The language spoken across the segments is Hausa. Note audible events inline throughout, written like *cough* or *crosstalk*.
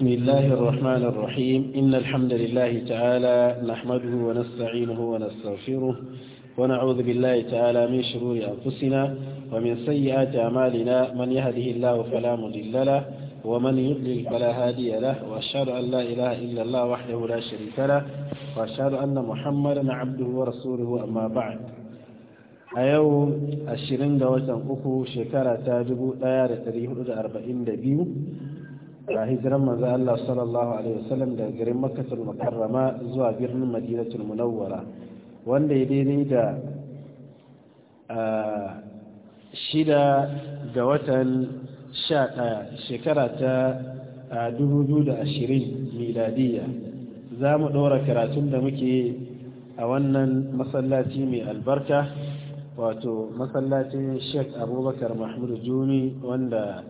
بسم الله الرحمن الرحيم إن الحمد لله تعالى نحمده ونستعينه ونستغفره ونعوذ بالله تعالى من شرور أنفسنا ومن سيئات أعمالنا من يهده الله فلا مضل له ومن يضلل فلا هادي له وأشهد أن لا إله إلا الله وحده لا شريك له وأشهد أن محمدا عبده ورسوله أما بعد a yau 20 ga watan uku shekara ta 1442 ga hijiran manzo Allah sallallahu alaihi wasallam daga garin Makkatul Mukarrama zuwa birnin Madinatul Munawwara wanda ya daidai da shida ga watan sha a shekara ta dubu biyu da ashirin miladiyya za mu ɗora karatun da muke a wannan masallaci mai albarka wato masallacin sheikh abubakar mahmud juni wanda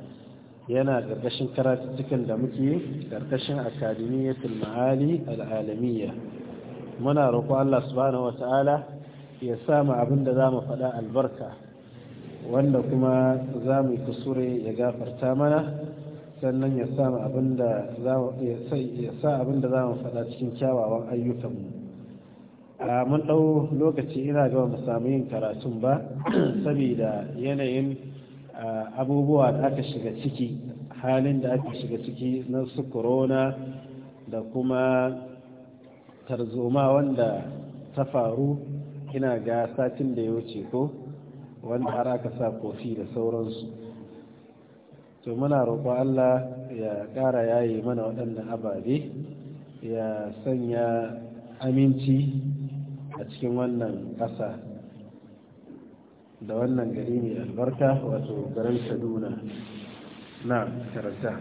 yana ƙarƙashin karatuttukan da muke ƙarƙashin akademiyyatul ma'ali al'alamiyya muna roƙo Allah subhanahu wata'ala ya samu abin da zamu faɗa albarka wanda kuma za mu yi kusure ya gafarta mana sannan ya sa abin da za mu faɗa cikin kyawawan ayyukan ayyukanmu mun ɗau lokaci ina gaba mu samu yin karatun ba *clears throat* saboda yanayin abubuwa da aka shiga ciki halin da aka shiga ciki na su corona da kuma tarzoma wanda ta faru ina ga satin da ya wuce ko wanda har aka sa kofi da sauransu to muna roƙo Allah ya ƙara yayi mana waɗannan ababe ya sanya aminci a cikin wannan ƙasa da wannan gari mai albarka wato garin kaduna na karanta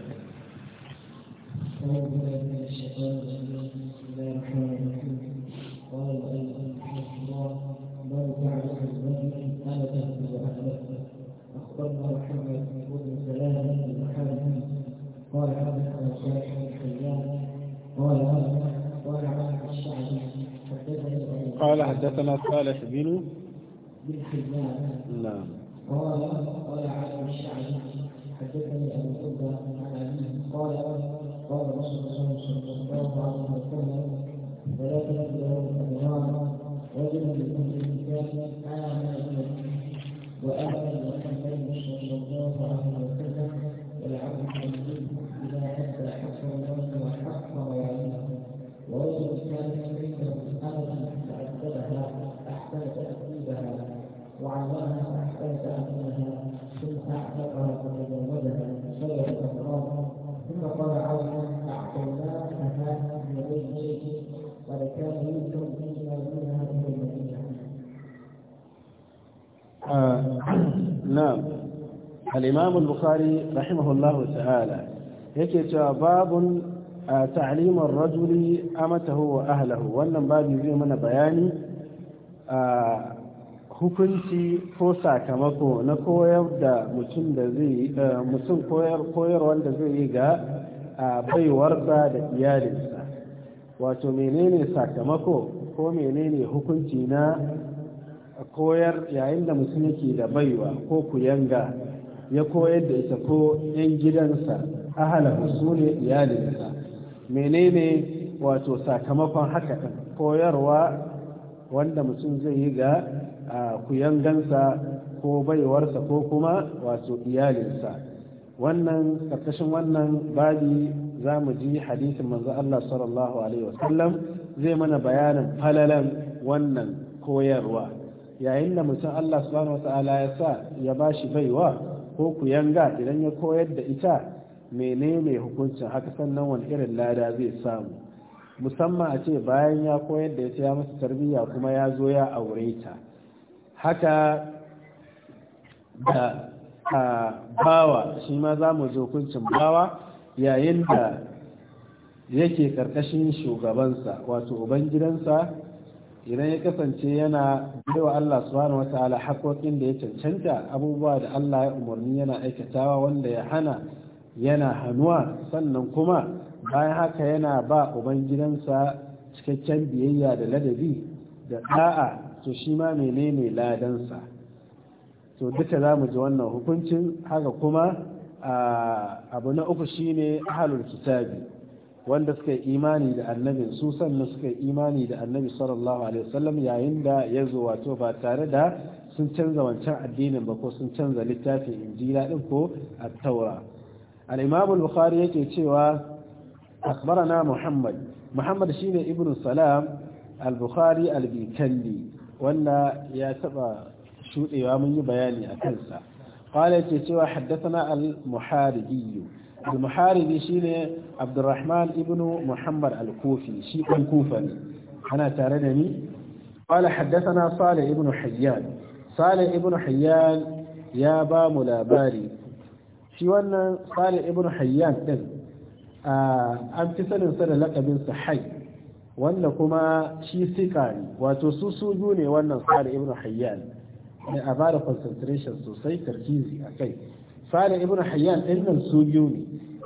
قال حدثنا قال قال قال حدثنا صالح بن نعم. قال قال عالم الشعري حدثني ابو عبده عن ابيه قال قال رسول الله صلى الله عليه وسلم ثلاثه له النار رجل من كتاب امن وأهل الإمام البخاري رحمه الله تعالى يكي باب تعليم الرجل أمته وأهله وأن باب يجيب من بياني hukunci ko sakamako na koyar da mutum da zai mutum koyar koyar wanda zai yi ga da da iyalinsa wato menene sakamako ko menene hukunci na koyar yayin da mutum yake da baiwa ko kuyanga ya koyar da ita ko yan gidansa ahalahu su ne iyalinsa menene wato sakamakon haka ɗin koyarwa wanda mutum zai yi ga kuyangansa ko baiwarsa ko kuma wato iyalinsa wannan ƙarƙashin wannan babi za mu ji hadisin manzo Allah sallallahu alaihi wasallam zai mana bayanin falalan wannan koyarwa yayin da mutum Allah subhanahu wata'ala ya sa ya bashi baiwa ko ku yanga idan ya koyar da ita mene mai hukuncin haka sannan wani irin lada zai samu musamman a ce bayan ya koyar da ita ya masa tarbiyya kuma ya zo ya aure ta haka da a bawa shi ma za mu ji hukuncin bawa yayin da yake karkashin shugabansa wato ubangidansa idan ya kasance yana baiwa Allah subhanahu ta'ala haƙoƙin da ya cancanta abubuwa da Allah ya umarni yana aikatawa wanda ya hana yana hannuwa sannan kuma bayan haka yana ba ubangidansa cikakken biyayya da ladabi da ɗa'a to shi ma menene ladansa to duka za mu ji wannan hukuncin haka kuma abu na uku shine ahlul kitabi wanda suka yi imani da annabi su sannan suka yi imani da annabi sallallahu alaihi wasallam yayin da ya zo wato ba tare da sun canza wancan addinin ba ko sun canza littafin injila din ko at-taura al-imam al-bukhari yake cewa akhbarana muhammad muhammad shine ibnu salam al-bukhari al Bikandi wanda ya taba shudewa mun yi bayani a kansa قال يتي cewa حدثنا المحاربي al-muharibi shine abdulrahman ibnu muhammad al-kufi shi dan kufa ana tare da ni قال حدثنا صالح ابن حيان صالح ابن حيان يا با labari shi wannan sale ibnu Hayyan din an fi sanin sa da lakabin sa Hay wanda kuma shi sika wato su su ne wannan sale ibnu Hayyan da a bada concentration sosai a kai. sale ibn Hayyan ɗin nan su biyu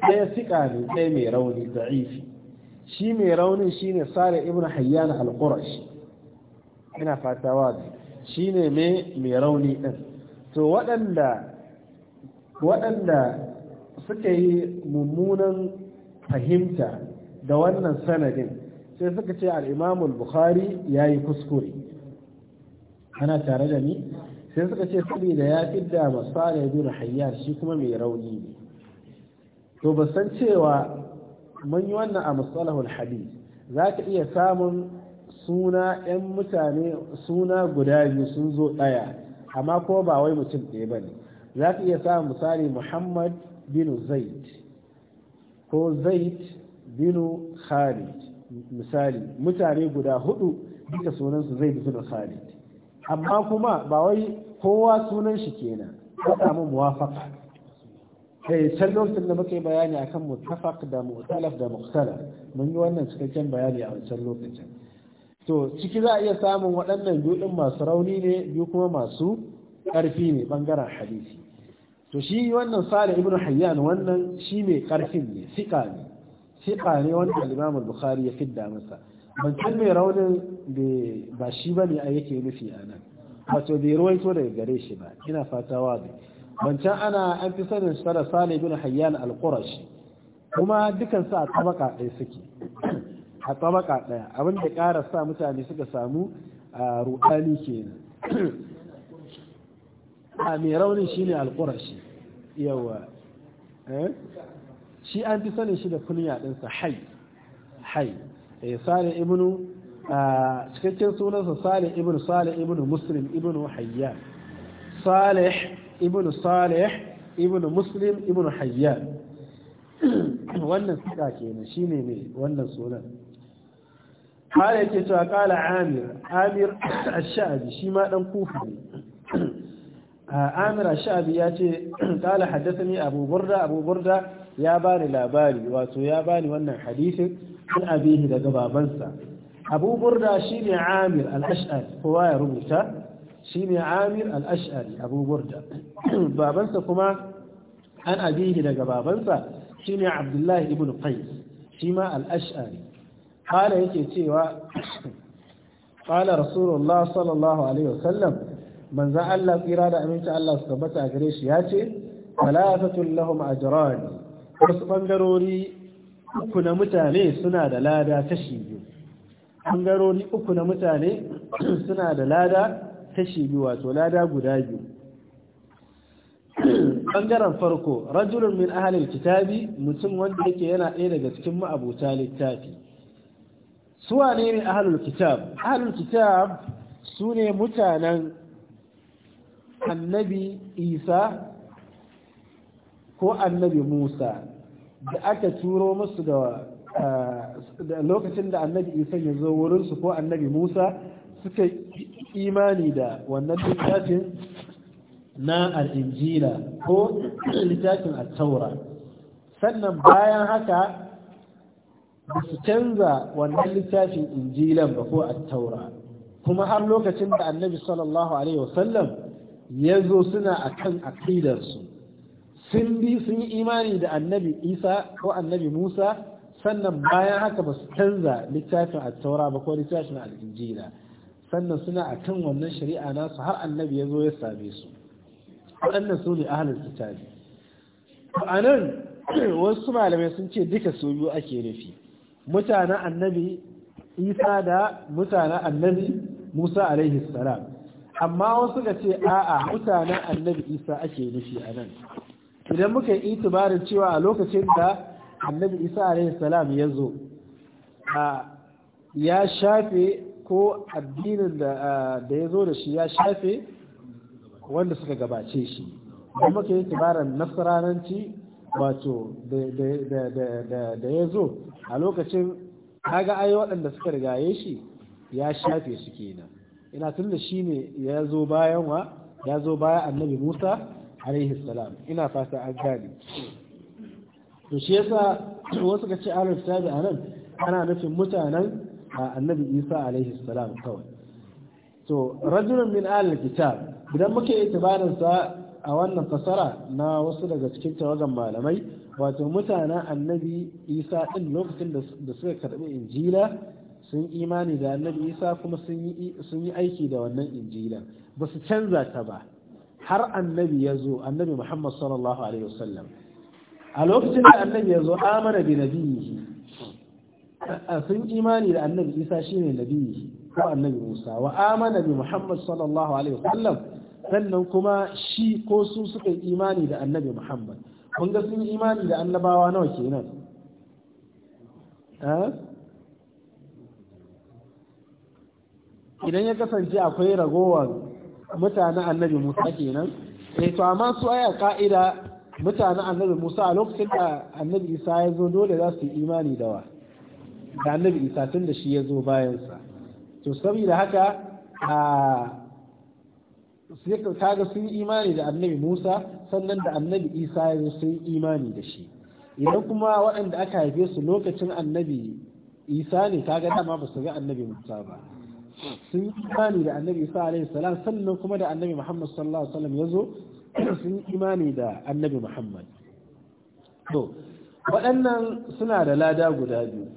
daya ɗaya siƙa mai rauni da'ifi shi mai raunin shine sale ibn Hayyan al-Qurashi ina fata wazi shine mai mai rauni ɗin to waɗanda waɗanda suka yi mummunan fahimta da wannan sanadin sai suka ce al-Imam al-Bukhari yayi kuskure ana tare da ni sai suka ce da ya fi fidda masala ya duna hayyar shi kuma mai rauni ne to ba san cewa mun yi wannan a masalahul hadis za ka iya samun suna yan mutane suna guda biyu sun zo ɗaya amma ko ba wai mutum ɗaya ba ne za ka iya samun misali muhammad bin zaid ko zaid bin khalid misali mutane guda hudu duka sunansu zaid bin khalid amma kuma ba wai kowa sunan shi kenan ka mu muwafaka kai san lokacin da muka yi bayani akan muttafaq da mu'talaf da mukhtalaf mun yi wannan cikakken bayani a wancan lokacin to ciki za a iya samun waɗannan biyu ɗin masu rauni ne biyu kuma masu ƙarfi ne ɓangaren hadisi to shi wannan sale ibnu hayyan wannan shi mai ƙarfin ne siƙa ne siƙa ne wanda al-imam bukhari ya fidda masa ban san mai raunin ba shi ba ne a yake nufi a nan wato bai ruwaito daga gare shi ba ina fata wa ne wancan ana an fi sanin shara sale bin hayyan alkurashi kuma dukan sa a tabaka ɗaya suke a tabaka ɗaya abin da ƙara sa mutane suka samu a ruɗani nan, a mai raunin shi ne alkurashi yawa eh? shi an fi sanin shi da kunya ɗinsa hai hai Eh, salih ibnu ah, cikakken sunansa salih ibnu salih ibnu muslim ibnu hayyan salih ibnu salih ibnu muslim ibnu hayyan *clears throat* wannan suka kenan shine mai wannan sunan har yake cewa kala amir amir *coughs* ash-sha'bi shi ma dan kufa ne *clears throat* ah, amir ash-sha'bi ya ce kala *clears throat* haddathani abu burda abu burda ya bani labari wato ya bani wannan hadisin an abihi daga babansa abu burda shine amir al-ash'ari kowa ya rubuta shine amir al-ash'ari abu burda *clears throat* babansa kuma an abihi daga babansa Shi ne abdullahi ibn qais shi ma al-ash'ari yake cewa Kala *clears throat* rasulullah sallallahu alaihi wasallam manzo Allah tsira da aminci Allah su tabbata a gare shi ya ce? ya falafatul lahum ajran wasu bangarori uku na mutane suna da lada tashi biyu ɓangarori uku na mutane *clears throat* suna da lada tashi biyu wato lada guda biyu *clears throat* ɓangaren farko rajulun min ahalin kitabi mutum wanda yake yana ɗaya daga cikin ma'abuta littafi suwa ne ne ahalin kitab ahalin kitab su ne mutanen annabi isa ko annabi musa da aka turo musu eh, da lokacin da annabi isa ya zo wurinsu ko annabi musa suka imani da wannan littafin na al'injila ko littafin al-taura sannan bayan haka ba su canza wannan littafin injilan ba ko al-taura kuma har lokacin da annabi sallallahu alaihi wasallam ya zo suna a kan akidarsu sun bi sun yi imani da annabi isa ko annabi musa sannan bayan haka ba su canza littafin a taura ba ko littafin a al'injila sannan suna a kan wannan shari'a nasu har annabi ya zo ya same su waɗannan su ne ahalin kitabi a nan *clears throat* wasu malamai sun ce duka su biyu ake nufi mutanen annabi isa da mutanen annabi musa alaihi salam amma wasu ga ce a'a mutanen annabi isa ake nufi a nan idan muka yi itibarin cewa a lokacin da annabi isa alaihi salam ya zo ya shafe ko addinin da ya zo da shi ya shafe wanda suka gabace shi da muka yi tibaran nasararanci wato da ya zo a lokacin haga ayi waɗanda suka rigaye shi ya shafe su kenan ina tun da shi ne ya zo bayan wa ya zo bayan annabi musa alaihi salam ina fata an gane to shi yasa *clears throat* wasu ka ci alif kitabi anan ana nufin mutanen annabi isa alaihi salam kawai to rajulun min ahlul kitab idan muke itibarin sa a wannan fasara na wasu daga cikin tawagan malamai wato mutanen annabi isa din lokacin da suka karbi injila sun imani da annabi isa kuma sun yi aiki da wannan injila ba su canza ta ba har annabi ya zo annabi Muhammad sallallahu alaihi wasallam a lokacin da annabi ya zo amana bi a sun imani da annabi Isa shine nabiyihi ko annabi Musa wa amana bi Muhammad sallallahu alaihi wasallam sannan kuma shi ko su suka yi imani da annabi Muhammad kun ga sun imani da annabawa nawa kenan eh? idan ya kasance akwai ragowar mutanen annabi musa kenan eh to amma su aya ka'ida mutanen annabi musa a lokacin da annabi isa ya zo dole za su yi imani da wa da annabi isa tun da shi ya zo bayansa to saboda haka a sai kaga sun imani da annabi Musa sannan da annabi Isa ya sun imani da shi idan kuma waɗanda aka haife su lokacin annabi Isa ne kaga dama ba su ga annabi Musa ba sun yi imani da annabi isa alaihi salam sannan kuma da annabi muhammad sallallahu alaihi wasallam ya zo sun imani da annabi muhammad to waɗannan suna da lada guda biyu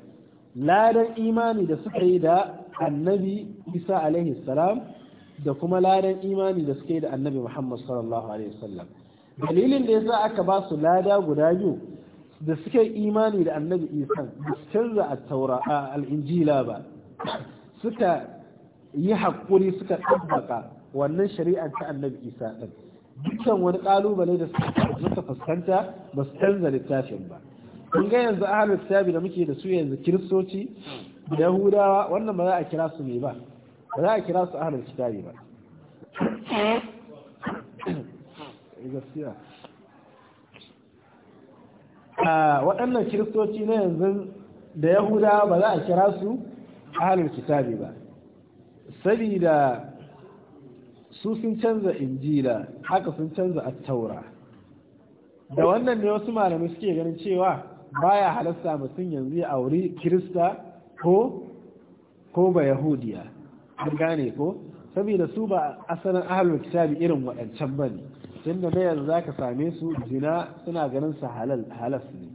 ladan imani da suka yi da annabi isa alaihi salam da kuma ladan imani da suka yi da annabi muhammad sallallahu alaihi wasallam dalilin da yasa aka ba su lada guda biyu da suka yi imani da annabi isa da su canza a taura a al'injila ba suka yi haƙuri suka ɗabbaka wannan shari'ar ta annabi isa ɗin dukkan wani ƙalubale da suka fuskanta ba su canza littafin ba kun ga yanzu ahal littafi da muke da su yanzu kiristoci da yahudawa wannan ba za a kira su ne ba ba za a kira su ahal littafi ba eh, waɗannan kiristoci na yanzu da yahudawa ba za a kira su ahal kitabi ba sabida su sun canza injila haka sun canza attaura da wannan ne wasu malamai suke ganin cewa baya halasta mutum yanzu ya auri kirista ko ko ba yahudiya an gane ko saboda su ba asalin ahalul kitabi irin waɗancan ba ne tunda da yanzu ka same su zina suna ganin sa halas ne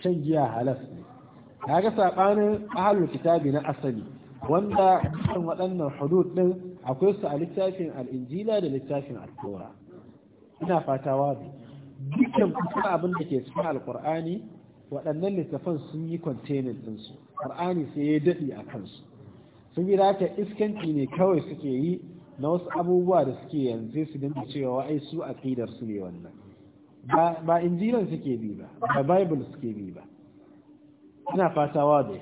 shan giya halas ne ga saɓanin ahalul kitabi na asali wanda dukkan waɗannan hudud ɗin akwai su a littafin al'injila da littafin al'ura ina fata wabi dukkan kusa abin da ke cikin alkur'ani waɗannan littafan sun yi kwantenin ɗinsu ƙur'ani sai ya daɗi a kansu sun yi rata iskanci ne kawai suke yi na wasu abubuwa da suke yanzu su dinga cewa ai su ƙidar su ne wannan ba injilan suke bi ba ba bible suke bi ba ina fata wabi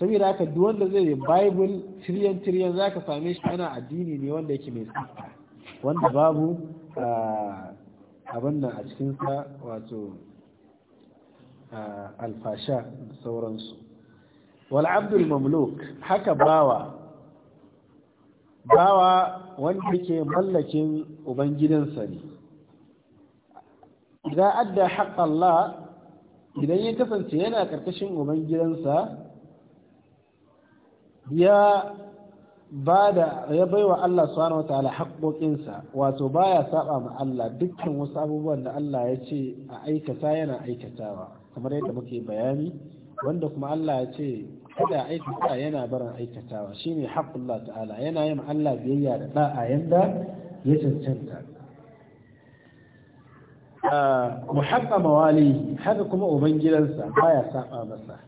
saboda haka duk wanda zai yi bible tiriyan tiriyan zaka same shi ana addini ne wanda yake mai tsafta wanda babu abin nan a cikinsa wato alfasha da sauransu wal abdul mamluk haka bawa bawa wanda ke mallakin ubangidansa ne idan adda haƙƙallah idan ya kasance yana ƙarƙashin ubangidansa ya bada ya baiwa Allah subhanahu wataala haƙoƙinsa wato baya saba ma Allah dukkan wasu abubuwan da Allah ya ce a aikata yana aikatawa kamar yadda muke bayani wanda kuma Allah ya ce kada aikata yana barin aikatawa shine haƙullah ta'ala yana yin Allah biyayya da da'a yanda ya cancanta muhabba mawali haka kuma ubangidansa baya saba masa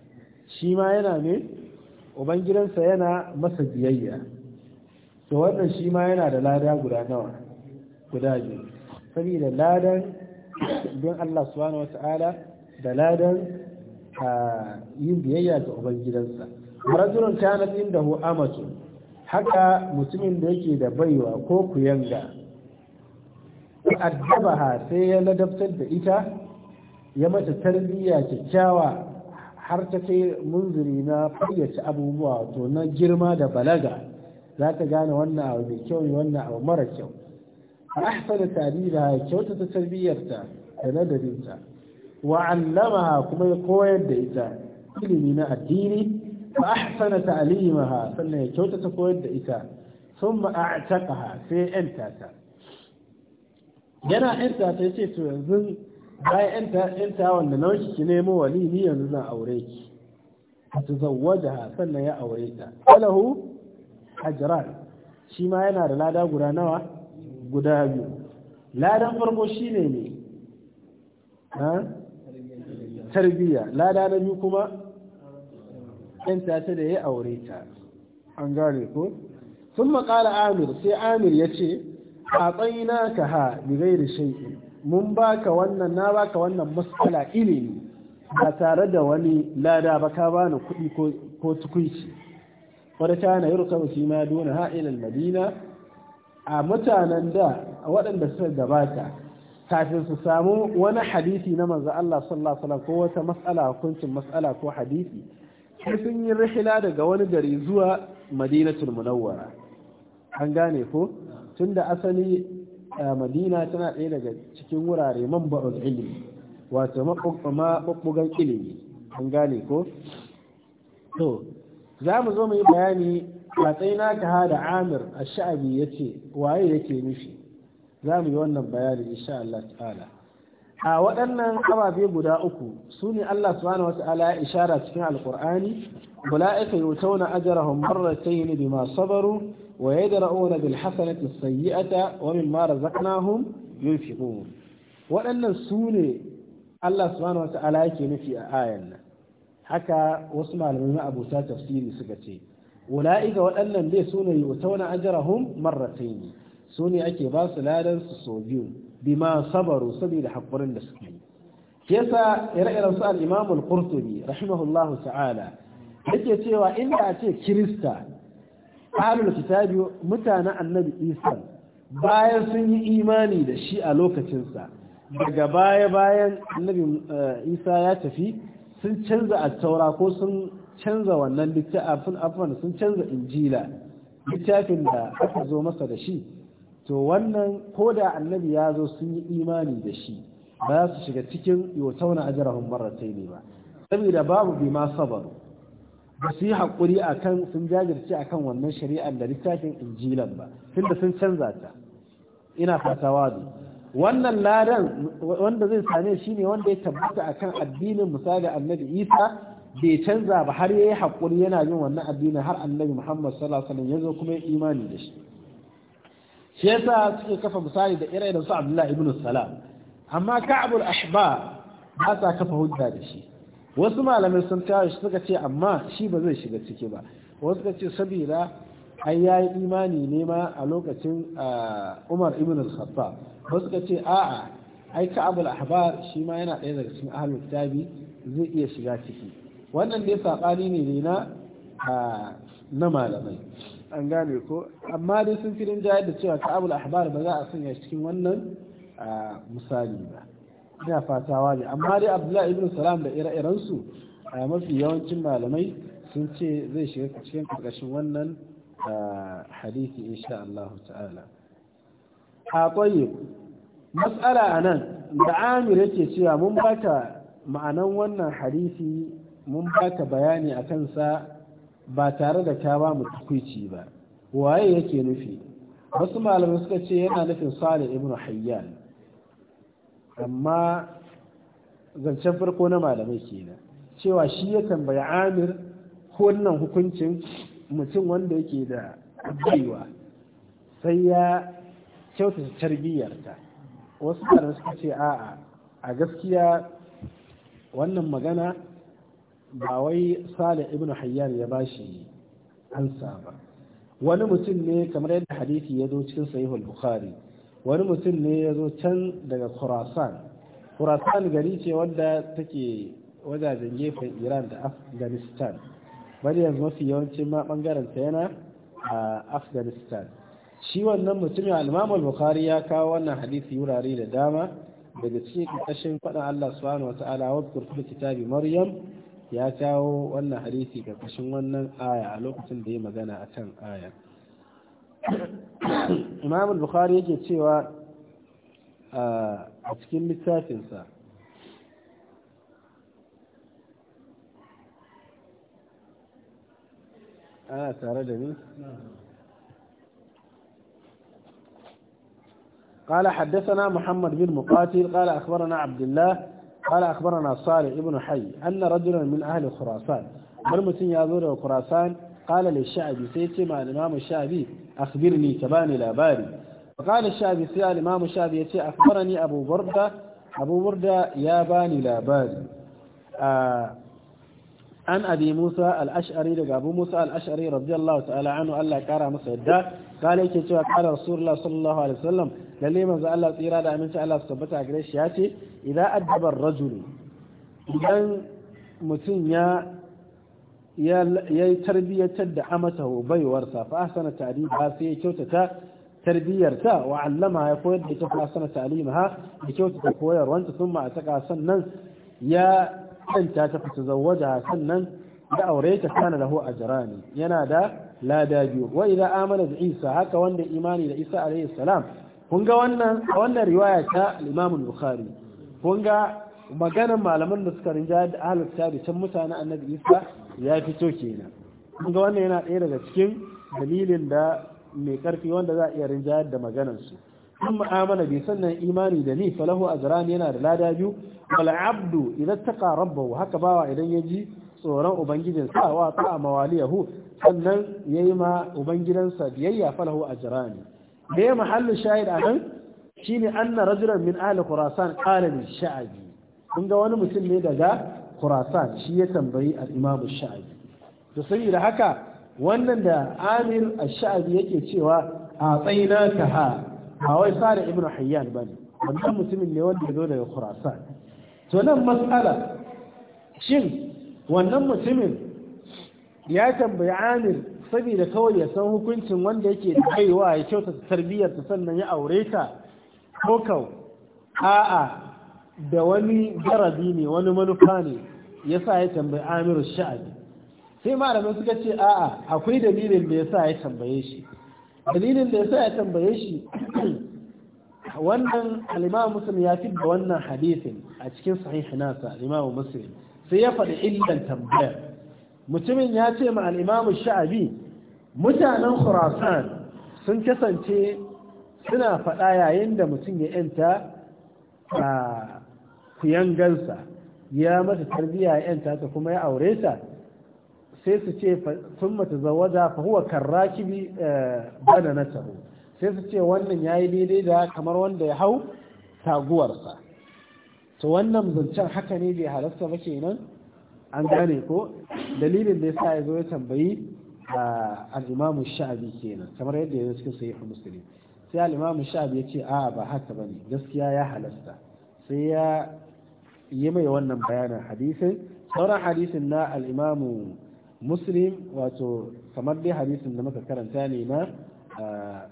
shi ma yana ne ubangidansa yana masa biyayya to wannan shi ma yana da lada guda nawa guda biyu saboda ladan don Allah subhanahu wata'ala da ladan yin biyayya ga ubangidansa rajulun kana hu amatu haka mutumin da yake da baiwa ko kuyanga addabaha sai ya ladabtar da ita ya mata tarbiyya kyakkyawa har ta kai munziri na fayyace abubuwa to na girma da balaga za ta gane wannan abu mai kyau ne wannan abu mara kyau a ahsana tadila kyauta ta tarbiyyarta da ladabinta wa allamaha kuma ya koyar da ita ilimi na addini fa ahsana ta'limaha sannan ya kyauta ta koyar da ita thumma a'taqaha sai yanta ta yana yanta ta yace to yanzu bayan yan tawon wanda nauki ki nemo wali ni yanzu zan aure ki ta zawaja sannan ya aure ta walahu ajran shi ma yana da lada guda nawa guda biyu ladan farko shine ne ha tarbiya lada na biyu kuma yan ta da ya aure ta an gane ko sun maƙala amir sai amir ya ce a na ka ha bi gairi shaikin mun baka wannan na baka wannan matsala ilimi ba tare da wani lada ba ka bani kuɗi ko tukunci wadda ta na yurka shi ma duna ha'ilin madina a mutanen da waɗanda suka gabata kafin su samu wani hadisi na manzo Allah sallallahu ko wata matsala hukuncin matsala ko hadisi sai sun yi rihila daga wani gari zuwa Madinatul Munawwara an gane ko tunda asali madina tana ɗaya daga cikin wurare man ilimi wato maɓuɓɓugan ilimi an gane ko to za mu zo mu yi bayani matsayi na ka da amir a sha'abi ya ce waye yake nufi za mu yi wannan bayani insha Allah ta'ala a waɗannan ababe guda uku su ne Allah subhanahu wa ta'ala ya ishara cikin alkur'ani ula'ika yutawna ajrahum marratayn bima sabaru ويدرؤون بالحسنة السيئة ومما رزقناهم ينفقون waɗannan su ne Allah subhanahu wa ta'ala yake nufi a ayan nan haka wasu malamai abota tafsiri suka ce ula'ika waɗannan dai su ne yutawna ajrahum marratayn su ne ake basu su ladan su so biyu bima sabaru saboda hakurin da suke yi yasa ire-iren su al-Imam al-Qurtubi rahimahullahu ta'ala yake cewa inda a ce Kirista ahlul kitabi mutanen annabi isa bayan sun yi imani da shi a lokacinsa daga baya bayan annabi eh, isa ya tafi sun canza a ko sun canza wannan littafin afwan sun canza injila littafin da aka zo masa da shi to wannan ko da annabi ya zo sun yi imani da shi ba za su shiga cikin yotauna ajrahum marratayn ba saboda babu ma sabaru ba su yi haƙuri a kan sun jajirce a kan wannan shari'ar da littafin injilan ba tun da sun canza ta ina fatawa ne wannan ladan wanda zai same shi ne wanda ya tabbata akan addinin misali annabi isa bai canza ba har yayi haƙuri yana yin wannan addini har annabi muhammad sallallahu alaihi wasallam ya zo kuma ya imani da shi shi yasa suke kafa misali da ire da su abdullahi ibn salam amma ka'abul ashba ba sa kafa hujja da shi wasu malamai sun tawo shi suka ce amma shi ba zai shiga ciki ba wasu suka ce saboda ya yi imani ne ma a lokacin Umar ibn al-Khattab wasu suka ce a'a ai Ka'ab al-Ahbar shi ma yana ɗaya daga cikin ahlul kitabi zai iya shiga ciki wannan dai sabani ne na na malamai an gane ko amma dai sun fi rinjaye da cewa kaabul al-Ahbar ba za a sanya cikin wannan misali ba ina fatawa ne amma dai abdullahi ibn salam da ire-irensu a mafi yawancin malamai sun ce zai shiga cikin ƙarƙashin wannan hadisi insha Allah ta'ala a ƙwaye matsala a nan da amir yake cewa mun baka ma'anan wannan hadisi mun baka bayani a kansa ba tare da ta ba mu tukuici ba waye yake nufi wasu malamai suka ce yana nufin salih ibn hayyan amma zancen farko na malamai kenan cewa shi ya tambayi amir wannan hukuncin mutum wanda yake da baiwa sai ya kyautata tarbiyyarta wasu karin suka ce a'a a gaskiya wannan magana ba wai Sale ibn hayyar ya bashi ansa ba wani mutum ne kamar yadda hadisi ya zo cikin sahihul bukhari wani mutum ne ya zo can daga khurasan kurasan gari ce wadda take wajajen gefen iran da afghanistan bari yanzu mafi yawancin ma bangaren ta yana a afghanistan shi wannan mutumin ya almamul bukhari ya kawo wannan hadisi wurare da dama daga cikin kashin faɗin Allah subhanahu wa ta'ala wa kurfil kitabi maryam ya kawo wannan hadisi ga kashin wannan aya a lokacin da ya magana akan aya imam al-bukhari yake cewa a cikin littafinsa ana tare da ni قال حدثنا محمد بن مقاتل قال أخبرنا عبد الله قال أخبرنا صالح بن حي أن رجلا من أهل خراسان مرمسين يزور خراسان qala li sha'bi sai ce ma imamu sha'bi akhbirni ka bani labari qala sha'bi sai imamu sha'bi yace akhbarani abu burda abu burda ya bani labari an abi musa al-ash'ari daga abu musa al-ash'ari radiyallahu Allah ya masa yadda kala yake cewa kala rasulullah sallallahu alaihi lalle manzo Allah tsira da aminci Allah su tabbata shi ya ce idan addabar rajulu idan mutum ya ya yi tarbiyyatar da amata baiwarsa fa ahsana ta'limaha sai ya kyautata tarbiyyarta wa allama ya koyar da ita fa ahsana ta'limaha ya kyautata koyarwanta a ataka sannan ya danta ta tazawwaja sannan da aure ta kana lahu ajrani yana da lada biyu wa idza amana bi isa haka wanda imani da isa alayhi salam kun ga wannan wannan riwaya ta imam bukhari kun ga maganar malaman da suka rinja da ahalar da can mutane annabi isa ya fi fito kenan kun ga wannan yana ɗaya daga cikin dalilin da mai ƙarfi wanda za a iya rinjayar da maganarsu in mu'amala bai sannan imani da ni falahu a azran yana da lada biyu wal abdu idan taqa rabbahu haka bawa idan ya ji tsoron ubangijin sa wa ta mawaliyahu sannan yayi ma ubangidansa biyayya falahu a ajran ne mahallin shahid anan shine anna rajulan min ahli khurasan qala sha'abi kun ga wani mutum ne daga khurasan shi ya tambayi al-imamu sha'abi to saboda haka wannan da amir ash-sha'abi yake cewa a tsayina ka ha a wai sare ibnu hayyan bane wannan mutumin ne wanda ya zo daga khurasan to nan mas'ala shin wannan mutumin ya tambayi amir saboda kawai ya san hukuncin wanda yake da haihuwa ya kyautata ta sannan ya aure ta ko kau a'a da wani garabi ne wani manufa ne ya sa ya tambayi amiru sha'abi sai malamai suka ce a'a akwai dalilin da ya sa ya tambaye shi dalilin da ya sa ya tambaye shi *clears throat* wannan alimamu musulmi ya fi da wannan hadithin a cikin sahih nasa alimamu musulmi sai ya faɗi illan tambayar mutumin ya ce ma alimamu sha'abi mutanen khurasan sun kasance suna faɗa yayin da mutum ya yanta a ah, kuyangansa ya mata tarbiya ya yanta ta kuma ya aure ta sai su ce sun mata zawada, fa huwa karrakibi eh, bana na taho sai su ce wannan ya yi daidai da kamar wanda ya hau taguwarsa to wannan zancen haka ne bai halasta ba nan? an gane ko dalilin da sa ya zo ya tambayi eh, a imam sha'abi kenan kamar yadda ya cikin sahih muslim sai al'imamun sha'abi ya ce a ba haka bane gaskiya ya halasta sai ya yi mai wannan bayanin hadisin sauran hadisin na al'imamu muslim wato kamar dai hadisin da muka karanta ne na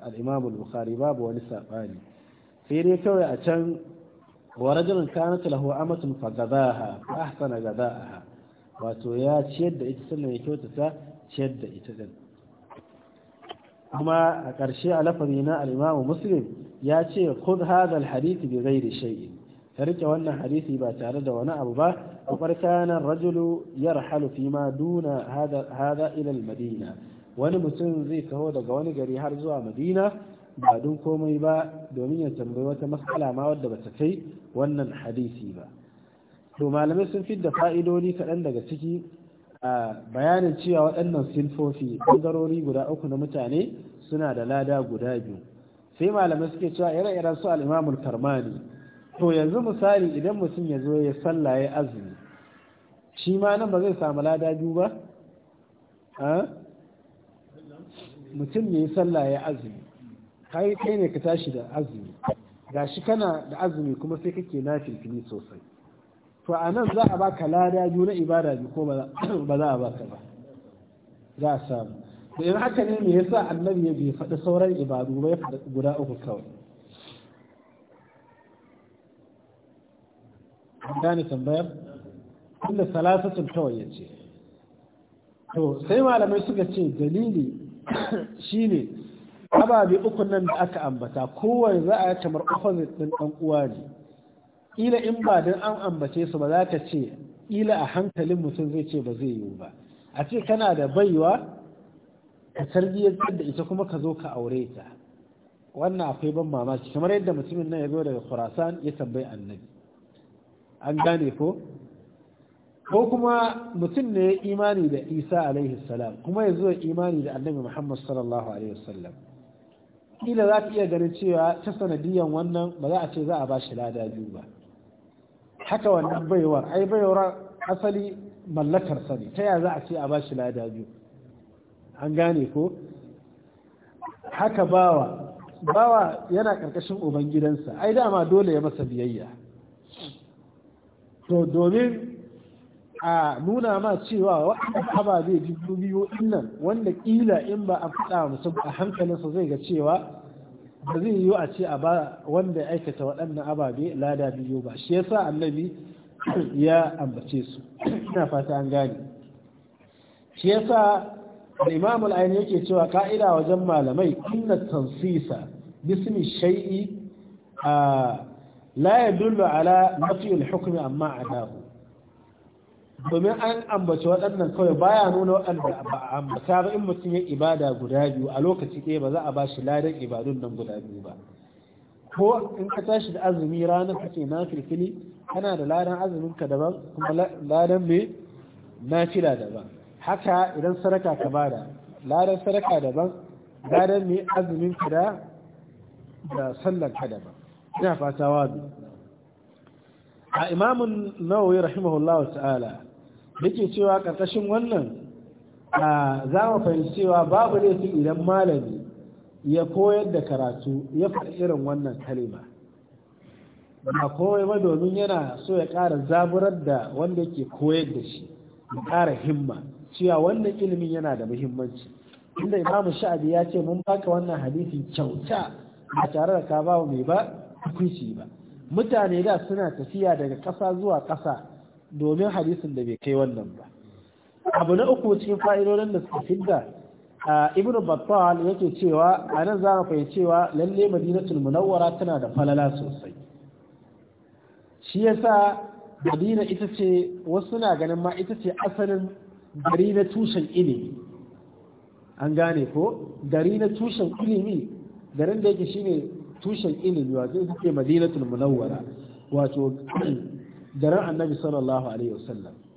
al'imamu bukhari babu wani saɓani sai dai kawai a can wa rajulun kanat lahu amatun fa gadaha fa ahsana gadaha wato ya ciyar da ita sannan ya kyautata ciyar da ita din kuma a ƙarshe a lafari na al'imamu muslim ya ce kud hadal hadisi hadith bi ghairi shay'in ta rike wannan hadisi ba tare da wani abu ba kamar kana rajulu yarhalu fi ma duna hada ilal madina wani mutum zai taho daga wani gari har zuwa madina ba don komai ba domin ya tambayi wata matsala ma wadda ba ta kai wannan hadisi ba to malamai sun fi da fa'idodi kaɗan daga ciki a bayanin cewa waɗannan sinfofi ɓangarori guda uku na mutane suna da lada guda biyu sai malamai suke cewa ire-iren su al'imamul karmani to yanzu misali idan mutum ya zo ya salla ya azumi shi ma nan ba zai samu lada biyu ba mutum ne ya salla ya azumi kai kai ne ka tashi da azumi ga shi kana da azumi kuma sai kake na filfili sosai to a nan za a baka lada biyu na ibada biyu ko *coughs* ba za a ba ka ba za a samu da haka ne me yasa annabi ya bai faɗi sauran ibadu ba ya faɗi guda uku kawai an gane tambayar inda salatatun kawai ya ce to sai malamai suka ce dalili *clears throat* shine ababe uku nan da aka ambata kowane za a yi kamar opposite ɗin ɗan uwa ne ila in ba don an ambace su ba za ka ce ila a hankalin mutum zai ce ba zai yiwu ba a ce kana da baiwa ka tarbiyyar da ita kuma ka zo ka aure ta wannan akwai ban mamaki kamar yadda mutumin nan ya zo daga khurasan ya tambayi annabi an gane ko ko kuma mutum ne ya imani da isa alaihi salam kuma ya zuwa imani da annabi muhammad sallallahu alaihi wasallam kila za ka iya ganin cewa ta sanadiyan wannan ba za a ce za a ba shi lada biyu ba haka wannan baiwar ai baiwar asali mallakar sani ta ya za a ce a ba shi lada biyu an gane ko haka bawa bawa yana karkashin ubangidansa ai dama dole ya masa biyayya to domin a nuna ma cewa waɗanda ababe biyu innan wanda ƙila in ba a faɗa musu a hankalinsa zai ga cewa ba zai yiwu a ce a ba wanda aikata waɗannan ababe lada biyu ba shi yasa annabi *clears throat* ya ambace su *clears throat* ina fata an gane shi yasa al-imam yake cewa ka'ida wajen malamai inna tansisa bismi shay'i a la yadullu ala nafiyul hukmi amma adahu domin an ambaci waɗannan kawai baya nuna waɗanda ba a ambata ba in mutum ya ibada guda biyu a lokaci ɗaya ba za a ba shi ladan ibadun nan guda biyu ba ko in ka tashi da azumi ranar ka ce na filfili kana da ladan azumin ka daban kuma ladan mai na fila daban haka idan saraka ka bada ladan saraka daban ladan mai azumin ka da sallar ka daban ina fata wadu a imamun nawawi rahimahullahu ta'ala yake cewa karkashin wannan za mu fahimci cewa babu laifi idan malami ya koyar da karatu ya faɗi irin wannan kalima ba komai ba domin yana so ya ƙara zaburar da wanda yake koyar da shi ya ƙara himma cewa wannan ilimin yana da muhimmanci inda imamu sha'abi ya ce mun baka wannan hadisin kyauta ba tare da ka ba mai ba shi ba mutane da suna tafiya daga ƙasa zuwa ƙasa domin hadisin da bai kai wannan ba abu na uku cikin fa'idodin da suka fidda a ibn battal yake cewa a nan za mu fahimci cewa lalle madinatul munawwara tana da falala sosai shi yasa madina ita ce wasu na ganin ma ita ce asalin gari na tushen ilimi an gane ko gari na tushen ilimi garin da yake shine tushen ilimi wato ita ce madinatul munawwara wato *clears throat* annabi sallallahu alaihi wasallam